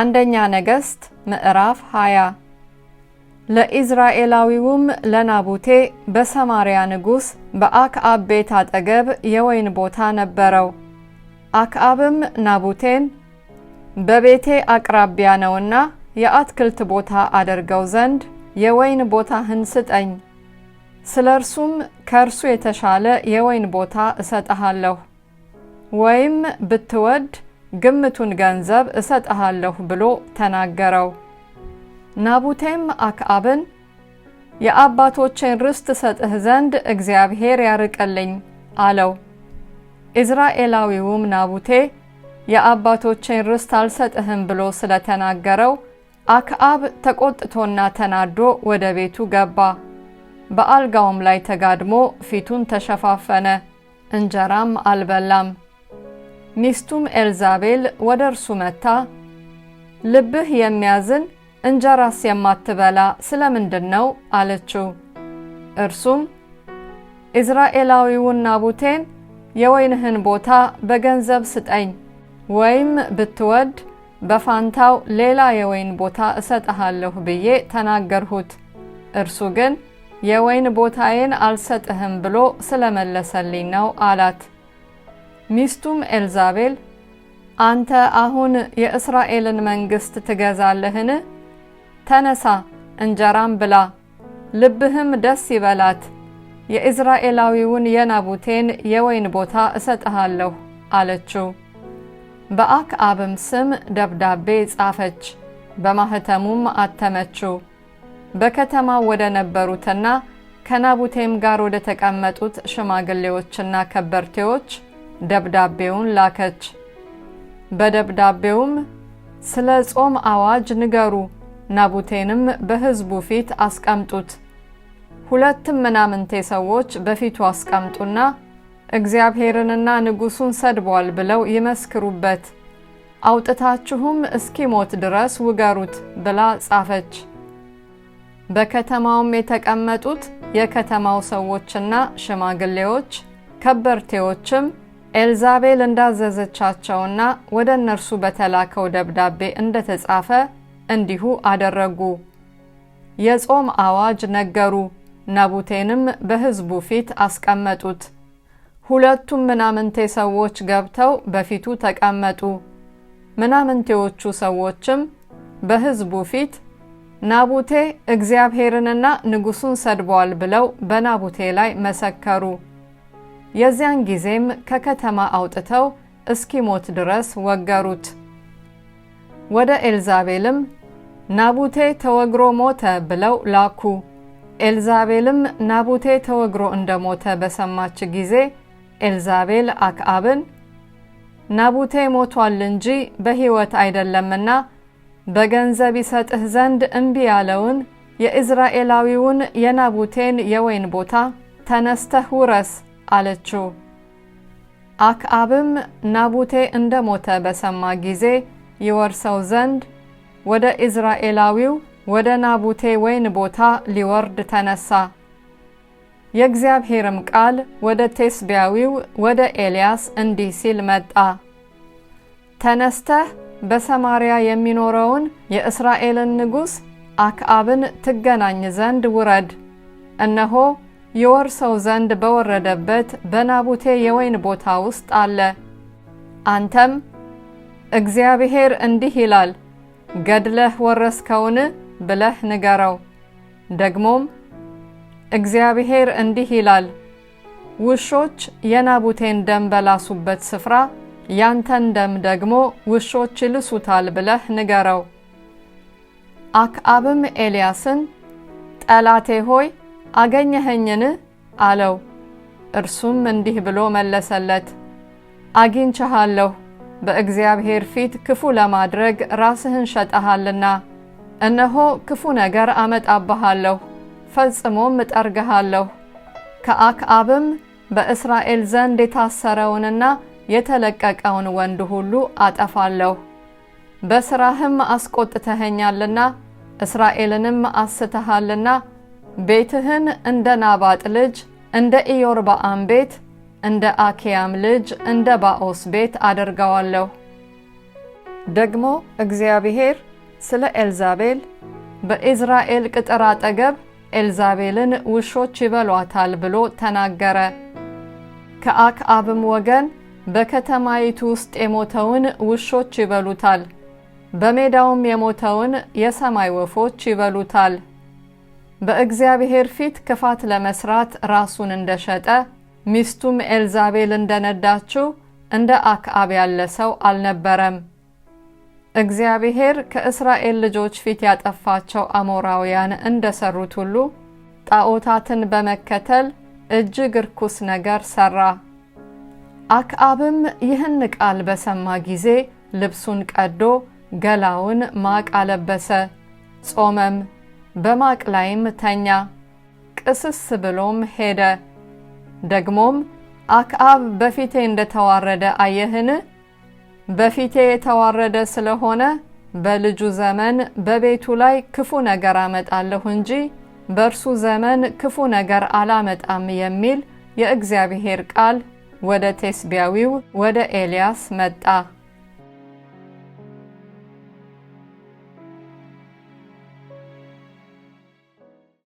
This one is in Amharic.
አንደኛ ነገሥት ምዕራፍ 20 ለኢዝራኤላዊውም ለናቡቴ በሰማርያ ንጉሥ በአክአብ ቤት አጠገብ የወይን ቦታ ነበረው። አክአብም ናቡቴን በቤቴ አቅራቢያ ነውና የአትክልት ቦታ አደርገው ዘንድ የወይን ቦታህን ስጠኝ፣ ስለ እርሱም ከእርሱ የተሻለ የወይን ቦታ እሰጠሃለሁ፣ ወይም ብትወድ ግምቱን ገንዘብ እሰጥሃለሁ ብሎ ተናገረው። ናቡቴም አክአብን የአባቶችን ርስት ሰጥህ ዘንድ እግዚአብሔር ያርቀልኝ አለው። ኢዝራኤላዊውም ናቡቴ የአባቶችን ርስት አልሰጥህም ብሎ ስለተናገረው አክአብ ተቆጥቶና ተናዶ ወደ ቤቱ ገባ። በአልጋውም ላይ ተጋድሞ ፊቱን ተሸፋፈነ፣ እንጀራም አልበላም። ሚስቱም ኤልዛቤል ወደ እርሱ መታ ልብህ የሚያዝን እንጀራስ የማትበላ ስለምንድን ነው አለችው። እርሱም ኢዝራኤላዊውን ናቡቴን የወይንህን ቦታ በገንዘብ ስጠኝ፣ ወይም ብትወድ በፋንታው ሌላ የወይን ቦታ እሰጥሃለሁ ብዬ ተናገርሁት። እርሱ ግን የወይን ቦታዬን አልሰጥህም ብሎ ስለመለሰልኝ ነው አላት። ሚስቱም ኤልዛቤል አንተ አሁን የእስራኤልን መንግሥት ትገዛለህን? ተነሳ፣ እንጀራም ብላ፣ ልብህም ደስ ይበላት፣ የእዝራኤላዊውን የናቡቴን የወይን ቦታ እሰጥሃለሁ አለችው። በአክአብም ስም ደብዳቤ ጻፈች፣ በማኅተሙም አተመችው። በከተማው ወደ ነበሩትና ከናቡቴም ጋር ወደ ተቀመጡት ሽማግሌዎችና ከበርቴዎች ደብዳቤውን ላከች። በደብዳቤውም ስለ ጾም አዋጅ ንገሩ፣ ናቡቴንም በሕዝቡ ፊት አስቀምጡት። ሁለትም ምናምንቴ ሰዎች በፊቱ አስቀምጡና እግዚአብሔርንና ንጉሡን ሰድቧል ብለው ይመስክሩበት፣ አውጥታችሁም እስኪሞት ድረስ ውገሩት ብላ ጻፈች። በከተማውም የተቀመጡት የከተማው ሰዎችና ሽማግሌዎች ከበርቴዎችም ኤልዛቤል እንዳዘዘቻቸውና ወደ እነርሱ በተላከው ደብዳቤ እንደተጻፈ እንዲሁ አደረጉ። የጾም አዋጅ ነገሩ፣ ናቡቴንም በሕዝቡ ፊት አስቀመጡት። ሁለቱም ምናምንቴ ሰዎች ገብተው በፊቱ ተቀመጡ። ምናምንቴዎቹ ሰዎችም በሕዝቡ ፊት ናቡቴ እግዚአብሔርንና ንጉሡን ሰድቧል ብለው በናቡቴ ላይ መሰከሩ። የዚያን ጊዜም ከከተማ አውጥተው እስኪሞት ድረስ ወገሩት። ወደ ኤልዛቤልም ናቡቴ ተወግሮ ሞተ ብለው ላኩ። ኤልዛቤልም ናቡቴ ተወግሮ እንደሞተ በሰማች ጊዜ ኤልዛቤል አክአብን ናቡቴ ሞቷል እንጂ በሕይወት አይደለምና በገንዘብ ይሰጥህ ዘንድ እምቢ ያለውን የእዝራኤላዊውን የናቡቴን የወይን ቦታ ተነስተህ ውረስ አለችው። አክአብም ናቡቴ እንደ ሞተ በሰማ ጊዜ ይወርሰው ዘንድ ወደ እዝራኤላዊው ወደ ናቡቴ ወይን ቦታ ሊወርድ ተነሳ። የእግዚአብሔርም ቃል ወደ ቴስቢያዊው ወደ ኤልያስ እንዲህ ሲል መጣ። ተነስተህ በሰማርያ የሚኖረውን የእስራኤልን ንጉሥ አክአብን ትገናኝ ዘንድ ውረድ። እነሆ ይወርሰው ዘንድ በወረደበት በናቡቴ የወይን ቦታ ውስጥ አለ። አንተም እግዚአብሔር እንዲህ ይላል ገድለህ ወረስከውን ብለህ ንገረው። ደግሞም እግዚአብሔር እንዲህ ይላል ውሾች የናቡቴን ደም በላሱበት ስፍራ ያንተን ደም ደግሞ ውሾች ይልሱታል ብለህ ንገረው። አክአብም ኤልያስን ጠላቴ ሆይ አገኘኸኝን አለው። እርሱም እንዲህ ብሎ መለሰለት፣ አግኝቼሃለሁ፣ በእግዚአብሔር ፊት ክፉ ለማድረግ ራስህን ሸጠሃልና፣ እነሆ ክፉ ነገር አመጣብሃለሁ፣ ፈጽሞም እጠርግሃለሁ። ከአክዓብም በእስራኤል ዘንድ የታሰረውንና የተለቀቀውን ወንድ ሁሉ አጠፋለሁ። በሥራህም አስቆጥተኸኛልና እስራኤልንም አስተሃልና ቤትህን እንደ ናባጥ ልጅ እንደ ኢዮርብዓም ቤት እንደ አኪያም ልጅ እንደ ባኦስ ቤት አደርገዋለሁ። ደግሞ እግዚአብሔር ስለ ኤልዛቤል በኢዝራኤል ቅጥር አጠገብ ኤልዛቤልን ውሾች ይበሏታል ብሎ ተናገረ። ከአክዓብም ወገን በከተማይቱ ውስጥ የሞተውን ውሾች ይበሉታል፣ በሜዳውም የሞተውን የሰማይ ወፎች ይበሉታል። በእግዚአብሔር ፊት ክፋት ለመስራት ራሱን እንደሸጠ ሚስቱም ኤልዛቤል እንደነዳችው እንደ አክአብ ያለ ሰው አልነበረም። እግዚአብሔር ከእስራኤል ልጆች ፊት ያጠፋቸው አሞራውያን እንደሰሩት ሁሉ ጣዖታትን በመከተል እጅግ ርኩስ ነገር ሰራ። አክአብም ይህን ቃል በሰማ ጊዜ ልብሱን ቀዶ ገላውን ማቅ አለበሰ፣ ጾመም። በማቅ ላይም ተኛ። ቅስስ ብሎም ሄደ። ደግሞም አክዓብ በፊቴ እንደተዋረደ አየህን? በፊቴ የተዋረደ ስለሆነ በልጁ ዘመን በቤቱ ላይ ክፉ ነገር አመጣለሁ እንጂ በእርሱ ዘመን ክፉ ነገር አላመጣም የሚል የእግዚአብሔር ቃል ወደ ቴስቢያዊው ወደ ኤልያስ መጣ።